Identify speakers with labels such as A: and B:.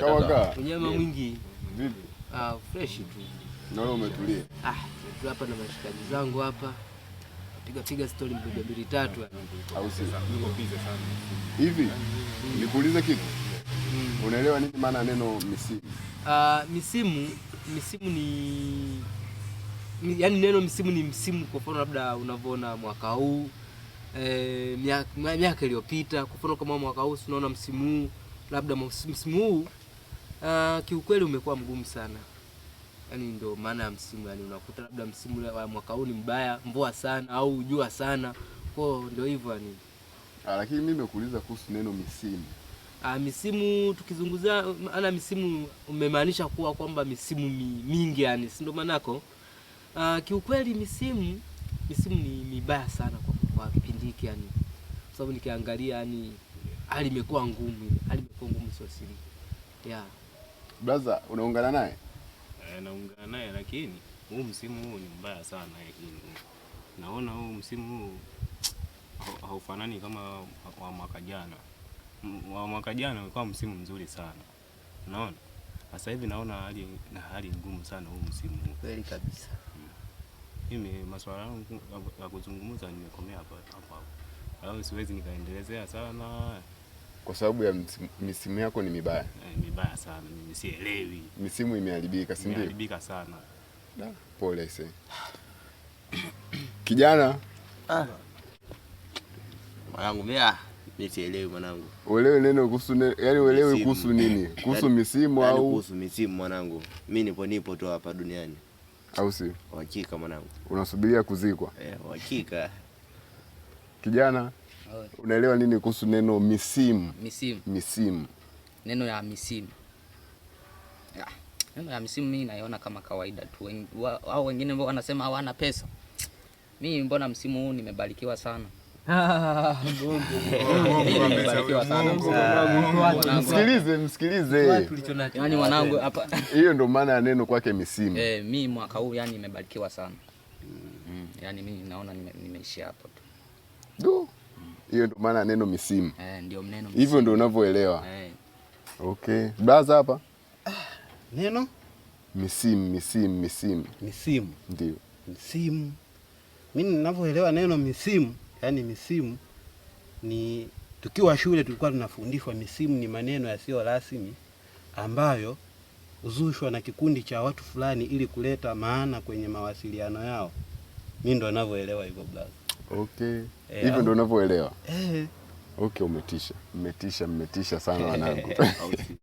A: Kawaka.
B: Unyama mwingi. Vipi? Ah, fresh tu.
A: Na wewe umetulia?
B: Ah, tu hapa na mashikaji zangu hapa. Piga piga story mmoja mbili tatu.
A: Au si? Niko busy sana. Hivi? Nikuulize kitu. Hmm. Unaelewa nini maana neno misimu?
B: Ah, misimu, misimu ni yaani neno misimu ni msimu, kwa mfano labda unavyoona mwaka huu e, miaka iliyopita. Kwa mfano kama mwaka huu unaona msimu huu, labda msimu huu Uh, kiukweli umekuwa mgumu sana, yaani ndio maana ya msimu, yaani unakuta labda msimu wa mwaka huu ni mbaya, mvua sana au jua sana, kwa ndio hivyo yaani.
A: Ah, Lakini mimi nimekuuliza kuhusu neno misimu.
B: Ah, misimu tukizunguzia maana misimu umemaanisha kuwa kwamba misimu mingi yani, si ndio manako? Ah, kiukweli misimu misimu ni mibaya sana kwa kipindi hiki yani. Kwa sababu nikiangalia yani hali imekuwa ngumu, hali imekuwa ngumu sio siri. Yeah.
A: Brother, unaungana naye?
C: Eh, naungana naye lakini huu msimu huu ni mbaya sana lakini. Naona huu msimu huu haufanani kama wa mwaka jana. Wa mwaka jana ulikuwa msimu mzuri sana. Unaona? Sasa hivi naona hali na hali ngumu sana huu msimu huu.
B: Kweli kabisa. Hmm.
C: Mimi maswala yangu ya kuzungumza nimekomea hapa hapa. Au siwezi nikaendelezea sana
A: kwa sababu ya misimu yako ni mibaya.
C: E, mibaya sana, mimi sielewi.
A: Misimu imeharibika, si ndio?
C: Imeharibika sana.
A: Da, pole sasa. Kijana,
D: ah. Mwanangu mimi mimi ah, sielewi mwanangu.
A: Uelewe neno kuhusu yani uelewe kuhusu nini? Kuhusu misimu au
D: kuhusu misimu mwanangu. Mimi nipo nipo tu hapa duniani. Au si? Uhakika mwanangu.
A: Unasubiria kuzikwa?
D: Eh, uhakika.
A: Kijana unaelewa nini kuhusu neno misimu? Misimu, misimu,
B: neno ya misimu ya. Neno ya misimu mimi naiona kama kawaida tu, wao wengine ambao wanasema hawana pesa. Mimi mbona msimu huu nimebarikiwa sana.
A: Msikilize, msikilize, yaani mwanangu hapa, hiyo ndio maana ya neno kwake misimu.
B: Eh, mimi mwaka huu yani nimebarikiwa sana, yaani mimi naona nimeishia hapo tu.
A: Hiyo ndio maana neno misimu.
B: Eh, ndio misimu.
A: Hivyo ndio unavyoelewa. Eh. Okay. Brother hapa. Ah, neno misimu, misimu, misimu. Misimu. Ndio.
E: Misimu. Mimi ninavyoelewa neno misimu, yani misimu ni tukiwa shule tulikuwa tunafundishwa misimu ni maneno yasiyo rasmi ambayo huzushwa na kikundi cha watu fulani ili kuleta maana kwenye mawasiliano yao. Mimi ndo ninavyoelewa hivyo brother
A: okay. Eh, Hivyo yeah. Ndio unavyoelewa eh. Okay, umetisha, mmetisha, mmetisha sana wanangu.